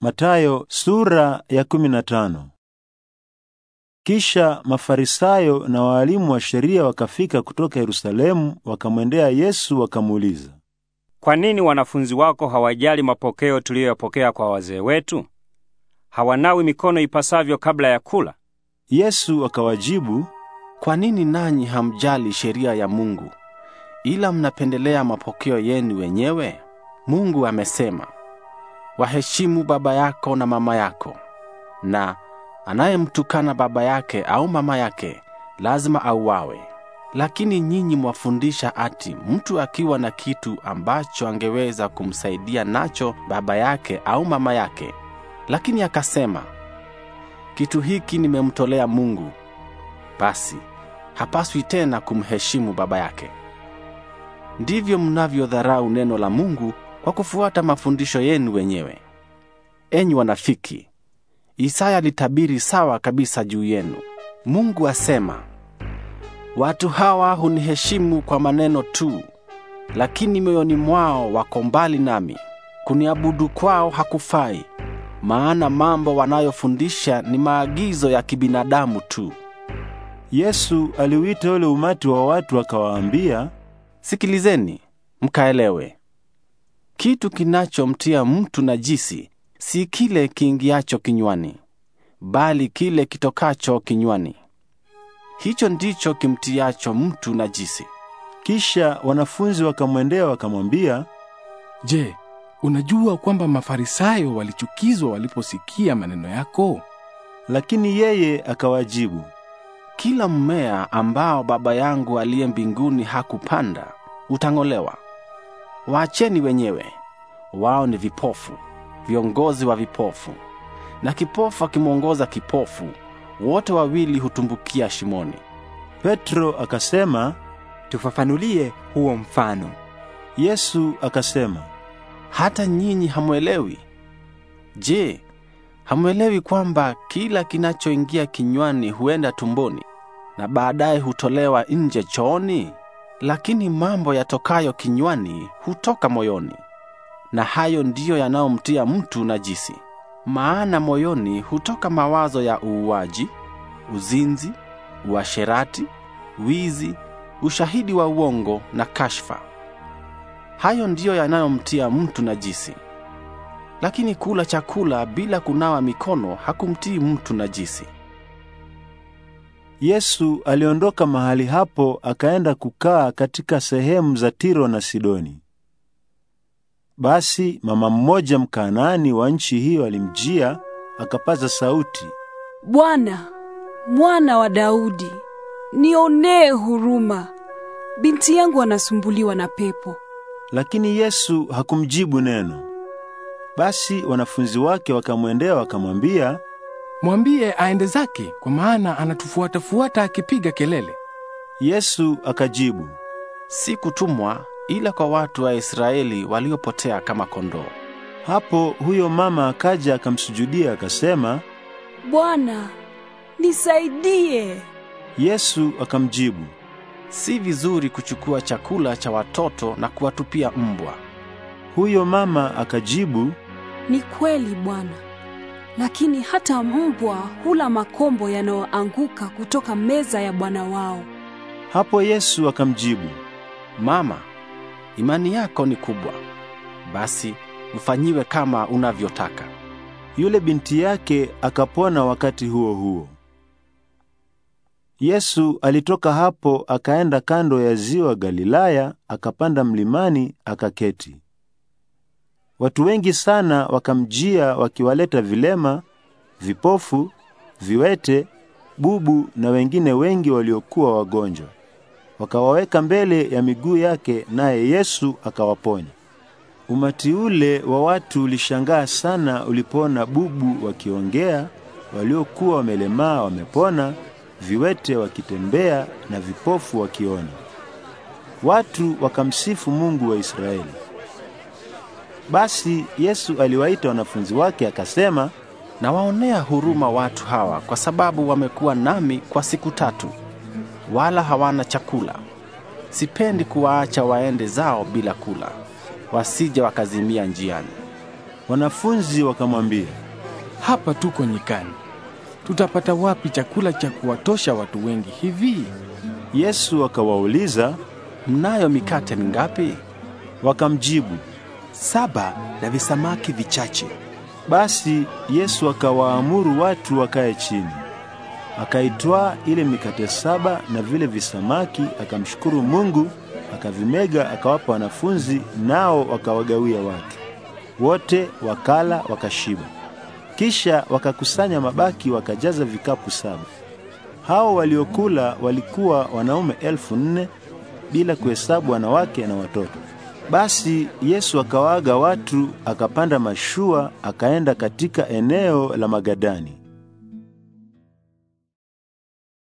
Matayo sura ya 15. Kisha Mafarisayo na waalimu wa sheria wakafika kutoka Yerusalemu wakamwendea Yesu wakamuuliza, Kwa nini wanafunzi wako hawajali mapokeo tuliyoyapokea kwa wazee wetu? Hawanawi mikono ipasavyo kabla ya kula. Yesu akawajibu, Kwa nini nanyi hamjali sheria ya Mungu? Ila mnapendelea mapokeo yenu wenyewe. Mungu amesema, waheshimu baba yako na mama yako, na anayemtukana baba yake au mama yake lazima auawe. Lakini nyinyi mwafundisha ati mtu akiwa na kitu ambacho angeweza kumsaidia nacho baba yake au mama yake, lakini akasema, kitu hiki nimemtolea Mungu, basi hapaswi tena kumheshimu baba yake. Ndivyo mnavyodharau neno la Mungu kwa kufuata mafundisho yenu wenyewe. Enyi wanafiki, Isaya alitabiri sawa kabisa juu yenu. Mungu asema, watu hawa huniheshimu kwa maneno tu, lakini mioyoni mwao wako mbali nami. Kuniabudu kwao hakufai, maana mambo wanayofundisha ni maagizo ya kibinadamu tu. Yesu aliuita ule umati wa watu akawaambia, sikilizeni mkaelewe. Kitu kinachomtia mtu najisi si kile kiingiacho kinywani, bali kile kitokacho kinywani. Hicho ndicho kimtiacho mtu najisi. Kisha wanafunzi wakamwendea wakamwambia, Je, unajua kwamba Mafarisayo walichukizwa waliposikia maneno yako? Lakini yeye akawajibu, kila mmea ambao Baba yangu aliye mbinguni hakupanda utang'olewa waacheni wenyewe. Wao ni vipofu, viongozi wa vipofu, na kipofu akimwongoza kipofu, wote wawili hutumbukia shimoni. Petro akasema, tufafanulie huo mfano. Yesu akasema, hata nyinyi hamwelewi? Je, hamwelewi kwamba kila kinachoingia kinywani huenda tumboni na baadaye hutolewa nje chooni? lakini mambo yatokayo kinywani hutoka moyoni, na hayo ndiyo yanayomtia mtu najisi. Maana moyoni hutoka mawazo ya uuaji, uzinzi, uasherati, wizi, ushahidi wa uongo na kashfa. Hayo ndiyo yanayomtia mtu najisi. Lakini kula chakula bila kunawa mikono hakumtii mtu najisi. Yesu aliondoka mahali hapo akaenda kukaa katika sehemu za Tiro na Sidoni. Basi mama mmoja Mkanaani wa nchi hiyo alimjia, akapaza sauti, Bwana, mwana wa Daudi, nionee huruma, binti yangu anasumbuliwa na pepo. Lakini Yesu hakumjibu neno. Basi wanafunzi wake wakamwendea wakamwambia, Mwambie aende zake, kwa maana anatufuata fuata akipiga kelele. Yesu akajibu, sikutumwa ila kwa watu wa Israeli waliopotea kama kondoo. Hapo huyo mama akaja akamsujudia akasema, Bwana, nisaidie. Yesu akamjibu, si vizuri kuchukua chakula cha watoto na kuwatupia mbwa. Huyo mama akajibu, ni kweli Bwana lakini hata mbwa hula makombo yanayoanguka kutoka meza ya bwana wao. Hapo Yesu akamjibu, Mama, imani yako ni kubwa, basi mfanyiwe kama unavyotaka. Yule binti yake akapona wakati huo huo. Yesu alitoka hapo akaenda kando ya ziwa Galilaya, akapanda mlimani akaketi. Watu wengi sana wakamjia wakiwaleta vilema, vipofu, viwete, bubu na wengine wengi waliokuwa wagonjwa. Wakawaweka mbele ya miguu yake naye Yesu akawaponya. Umati ule wa watu ulishangaa sana ulipoona bubu wakiongea, waliokuwa wamelemaa wamepona, viwete wakitembea na vipofu wakiona. Watu wakamsifu Mungu wa Israeli. Basi Yesu aliwaita wanafunzi wake akasema, nawaonea huruma watu hawa kwa sababu wamekuwa nami kwa siku tatu wala hawana chakula. Sipendi kuwaacha waende zao bila kula, wasije wakazimia njiani. Wanafunzi wakamwambia, hapa tuko nyikani, tutapata wapi chakula cha kuwatosha watu wengi hivi? Yesu akawauliza, mnayo mikate mingapi? Wakamjibu, saba na visamaki vichache. Basi Yesu akawaamuru watu wakae chini. Akaitwaa ile mikate saba na vile visamaki, akamshukuru Mungu, akavimega, akawapa wanafunzi, nao wakawagawia watu wote. Wakala wakashiba. Kisha wakakusanya mabaki, wakajaza vikapu saba. Hao waliokula walikuwa wanaume elfu nne bila kuhesabu wanawake na watoto. Basi Yesu akawaaga watu, akapanda mashua, akaenda katika eneo la Magadani.